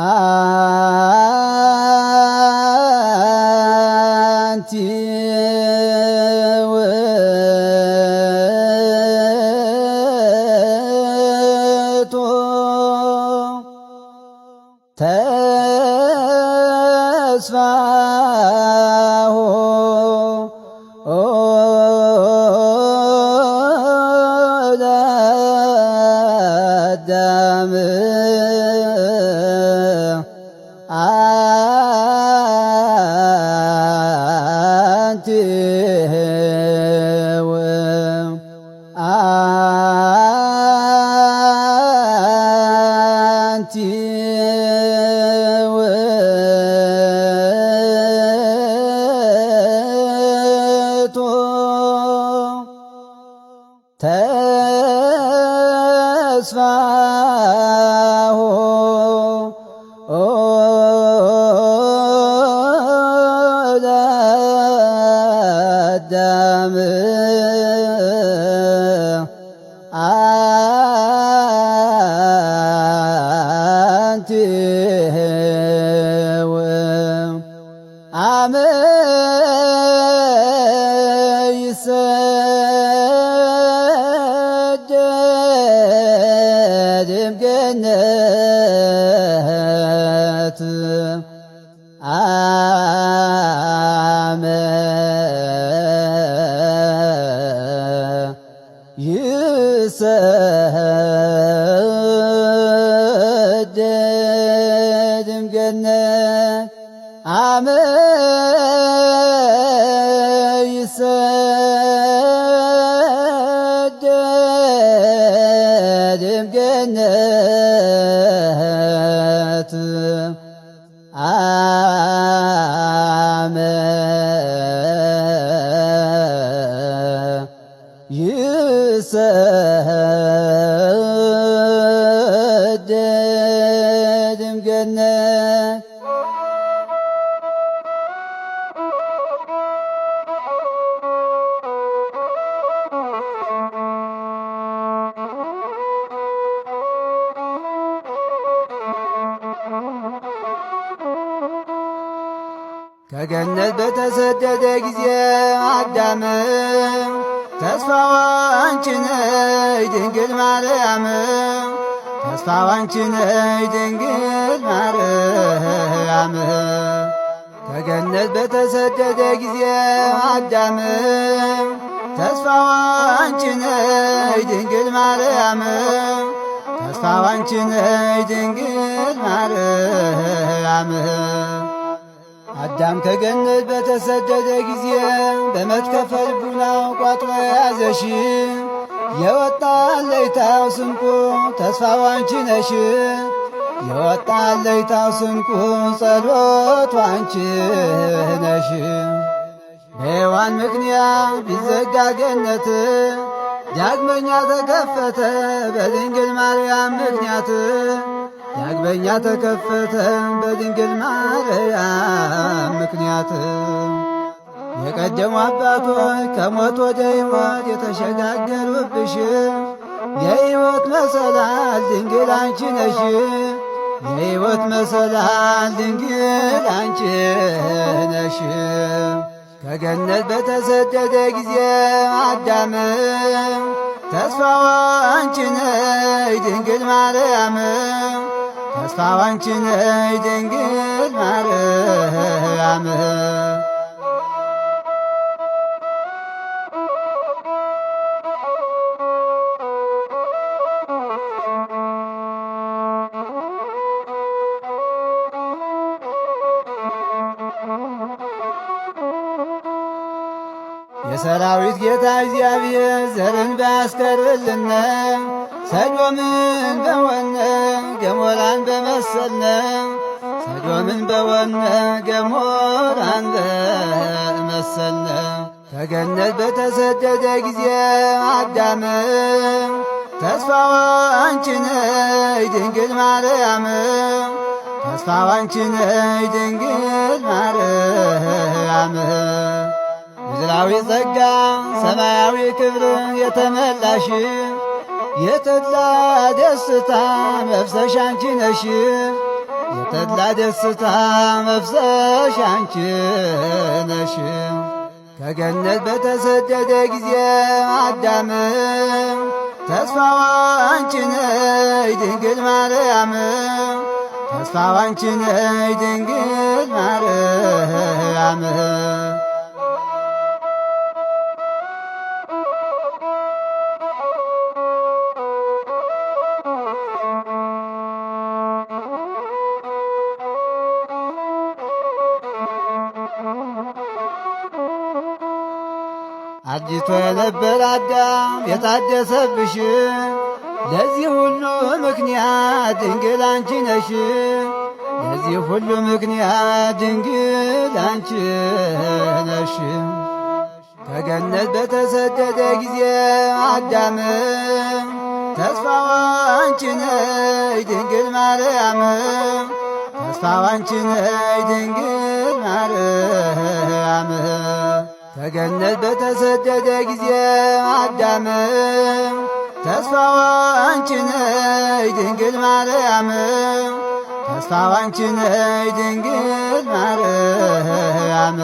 አንቲ ውእቱ ተስፋ አለው አንቲ ውእቱ ተስፋ አለ dedim gene Kagennet betesedde de gizye adamım ተስፋዋ አንቺ ነሽ ድንግል ማርያም ተስፋዋ አንቺ ነሽ ድንግል ማርያም ከገነት በተሰደደ ጊዜ አዳም ተስፋዋ አንቺ ነሽ ድንግል ማርያም ተስፋዋ አንቺ ነሽ ድንግል ማርያም አዳም ከገነት በተሰደደ ጊዜ በመትከፈ ልቡናው ቋጥሮ ያዘሽ የወጣ ስንቁ ተስፋው አንቺ ነሽ። የወጣ ስንቁ ጸሎቱ አንቺ ነሽ። በሔዋን ምክንያት ቢዘጋ ገነት ዳግመኛ ተከፈተ በድንግል ማርያም ምክንያት ዳግመኛ ተከፈተ በድንግል ማርያም ምክንያት። የቀደሙ አባቶች ከሞት ወደ ሕይወት የተሸጋገሩብሽ የሕይወት መሰላል ድንግል አንቺ ነሽ። የሕይወት መሰላል ድንግል አንቺ ነሽ። ከገነት በተሰደደ ጊዜ አዳም ተስፋዋ አንቺ ነሽ ድንግል ማርያም ተስፋ ባንቺ ድንግል ማርያም የሰራዊት ጌታ እግዚአብሔር ዘርን ባያስቀርልን ሰኞምን በወነ ገሞራን በመሰልነ ሰዶምን በወነ ገሞራን በመሰልነ ከገነት በተሰደደ ጊዜ አዳም ተስፋው አንችነይ ድንግል ማርያም ተስፋው አንችነይ ድንግል ማርያም ምድራዊ ጸጋ ሰማያዊ ክብር የተመላሽ የተድላ ደስታ መፍሰሽ አንቺ ነሽ የተድላ ደስታ መፍሰሽ አንቺ ነሽ። ከገነት በተሰደደ ጊዜ አዳም ተስፋዋ አንቺ ነይ ድንግል ማርያም ተስፋዋ አንቺ ነይ ድንግል ማርያም አርጅቶ የነበረ አዳም የታደሰብሽ ለዚህ ሁሉ ምክንያት ድንግል አንቺ ነሽ። ለዚህ ሁሉ ምክንያት ድንግል አንቺ ነሽ። ከገነት በተሰደደ ጊዜ አዳም ተስፋዋ አንቺ ነሽ ድንግል ማርያም ተስፋዋ አንቺ ነሽ ድንግል በገነት በተሰደደ ጊዜ አዳም ተስፋዋ አንቺ ነይ ድንግል ማርያም፣ ተስፋዋ አንቺ ነይ ድንግል ማርያም